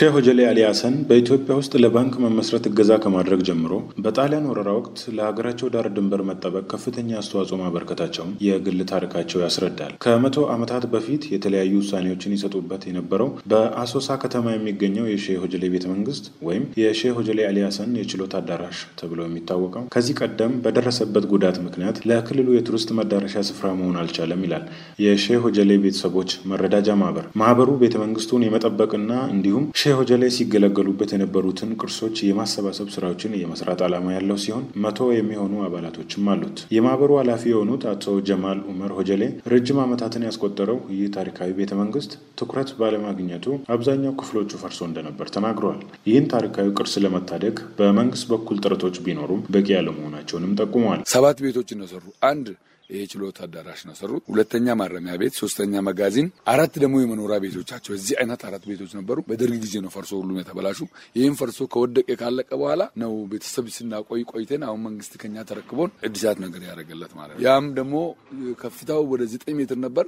ሼህ ሆጀሌ አሊያሰን በኢትዮጵያ ውስጥ ለባንክ መመስረት እገዛ ከማድረግ ጀምሮ በጣሊያን ወረራ ወቅት ለሀገራቸው ዳር ድንበር መጠበቅ ከፍተኛ አስተዋጽኦ ማበርከታቸውን የግል ታሪካቸው ያስረዳል። ከመቶ ዓመታት በፊት የተለያዩ ውሳኔዎችን ይሰጡበት የነበረው በአሶሳ ከተማ የሚገኘው የሼህ ሆጀሌ ቤተ መንግስት ወይም የሼህ ሆጀሌ አሊያሰን የችሎት አዳራሽ ተብሎ የሚታወቀው ከዚህ ቀደም በደረሰበት ጉዳት ምክንያት ለክልሉ የቱሪስት መዳረሻ ስፍራ መሆን አልቻለም ይላል የሼህ ሆጀሌ ቤተሰቦች መረዳጃ ማህበር። ማህበሩ ቤተ መንግስቱን የመጠበቅና እንዲሁም ሼህ ሆጀሌ ሲገለገሉበት የነበሩትን ቅርሶች የማሰባሰብ ስራዎችን የመስራት ዓላማ ያለው ሲሆን መቶ የሚሆኑ አባላቶችም አሉት። የማህበሩ ኃላፊ የሆኑት አቶ ጀማል ኡመር ሆጀሌ ረጅም ዓመታትን ያስቆጠረው ይህ ታሪካዊ ቤተ መንግስት ትኩረት ባለማግኘቱ አብዛኛው ክፍሎቹ ፈርሶ እንደነበር ተናግረዋል። ይህን ታሪካዊ ቅርስ ለመታደግ በመንግስት በኩል ጥረቶች ቢኖሩም በቂ ያለመሆናቸውንም ጠቁመዋል። ሰባት ቤቶች ነው ሰሩ አንድ የችሎት አዳራሽ ነው ሰሩት። ሁለተኛ ማረሚያ ቤት፣ ሶስተኛ መጋዚን፣ አራት ደግሞ የመኖሪያ ቤቶቻቸው። እዚህ አይነት አራት ቤቶች ነበሩ። በደርግ ጊዜ ነው ፈርሶ ሁሉም የተበላሹ። ይህም ፈርሶ ከወደቀ ካለቀ በኋላ ነው ቤተሰብ ስናቆይ ቆይተን አሁን መንግስት ከኛ ተረክቦን እድሳት ነገር ያደረገለት ማለት ነው። ያም ደግሞ ከፍታው ወደ ዘጠኝ ሜትር ነበር።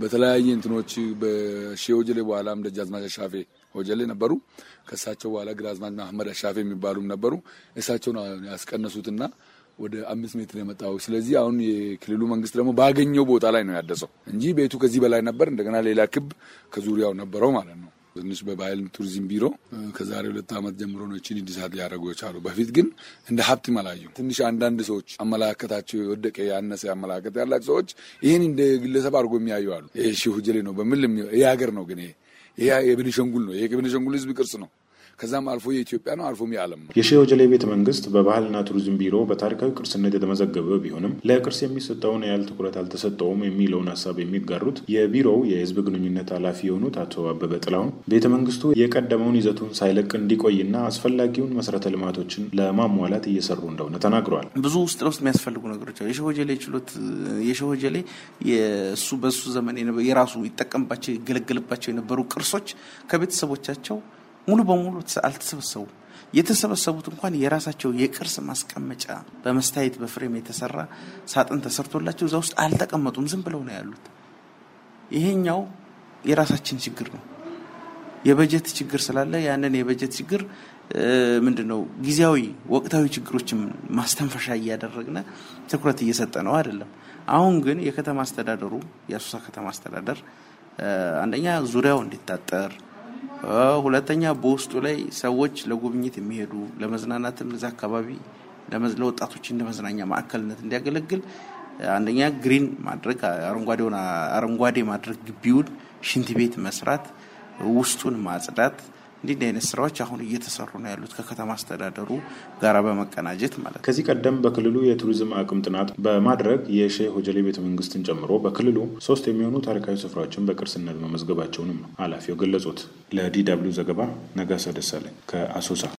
በተለያየ እንትኖች በሼ ሆጀሌ በኋላም ደጃዝማች አሻፌ ወጀሌ ነበሩ። ከእሳቸው በኋላ ግራዝማች መሐመድ አሻፌ የሚባሉም ነበሩ። እሳቸውን ያስቀነሱትና ወደ አምስት ሜትር የመጣው። ስለዚህ አሁን የክልሉ መንግስት ደግሞ ባገኘው ቦታ ላይ ነው ያደሰው እንጂ ቤቱ ከዚህ በላይ ነበር። እንደገና ሌላ ክብ ከዙሪያው ነበረው ማለት ነው። ትንሽ በባህል ቱሪዝም ቢሮ ከዛሬ ሁለት ዓመት ጀምሮ ነው ችን እድሳት ሊያደርጉ የቻሉ። በፊት ግን እንደ ሀብት መላዩ ትንሽ አንዳንድ ሰዎች አመለካከታቸው የወደቀ ያነሰ አመለካከት ያላቸው ሰዎች ይህን እንደ ግለሰብ አድርጎ የሚያዩ አሉ። ይህ ሺህ ነው በምል በሚል ሀገር ነው ግን ይሄ የቤኒሻንጉል ነው። ይሄ የቤኒሻንጉል ህዝብ ቅርስ ነው። ከዛም አልፎ የኢትዮጵያ ነው አልፎም የዓለም ነው። የሼህ ወጀሌ ቤተ መንግስት በባህልና ቱሪዝም ቢሮ በታሪካዊ ቅርስነት የተመዘገበ ቢሆንም ለቅርስ የሚሰጠውን ያህል ትኩረት አልተሰጠውም የሚለውን ሀሳብ የሚጋሩት የቢሮው የህዝብ ግንኙነት ኃላፊ የሆኑት አቶ አበበ ጥላሁን ቤተ መንግስቱ የቀደመውን ይዘቱን ሳይለቅ እንዲቆይና አስፈላጊውን መሰረተ ልማቶችን ለማሟላት እየሰሩ እንደሆነ ተናግረዋል። ብዙ ውስጥ ለውስጥ የሚያስፈልጉ ነገሮች አሉ። የሼህ ወጀሌ ችሎት የሼህ ወጀሌ የእሱ በእሱ ዘመን የራሱ ይጠቀምባቸው ይገለገልባቸው የነበሩ ቅርሶች ከቤተሰቦቻቸው ሙሉ በሙሉ አልተሰበሰቡ። የተሰበሰቡት እንኳን የራሳቸው የቅርስ ማስቀመጫ በመስታየት በፍሬም የተሰራ ሳጥን ተሰርቶላቸው እዛ ውስጥ አልተቀመጡም። ዝም ብለው ነው ያሉት። ይሄኛው የራሳችን ችግር ነው። የበጀት ችግር ስላለ ያንን የበጀት ችግር ምንድን ነው ጊዜያዊ ወቅታዊ ችግሮችን ማስተንፈሻ እያደረግን ትኩረት እየሰጠ ነው አይደለም። አሁን ግን የከተማ አስተዳደሩ የአሶሳ ከተማ አስተዳደር አንደኛ ዙሪያው እንዲታጠር ሁለተኛ በውስጡ ላይ ሰዎች ለጉብኝት የሚሄዱ ለመዝናናትም እዛ አካባቢ ለወጣቶች እንደ መዝናኛ ማዕከልነት እንዲያገለግል አንደኛ ግሪን ማድረግ አረንጓዴ ማድረግ ግቢውን፣ ሽንት ቤት መስራት፣ ውስጡን ማጽዳት እንዲህ አይነት ስራዎች አሁን እየተሰሩ ነው ያሉት ከከተማ አስተዳደሩ ጋራ በመቀናጀት ማለት ነው። ከዚህ ቀደም በክልሉ የቱሪዝም አቅም ጥናት በማድረግ የሼህ ሆጀሌ ቤተ መንግስትን ጨምሮ በክልሉ ሶስት የሚሆኑ ታሪካዊ ስፍራዎችን በቅርስነት መመዝገባቸውንም ነው ኃላፊው ገለጹት። ለዲ ደብልዩ ዘገባ ነጋሳ ደሳለኝ ከአሶሳ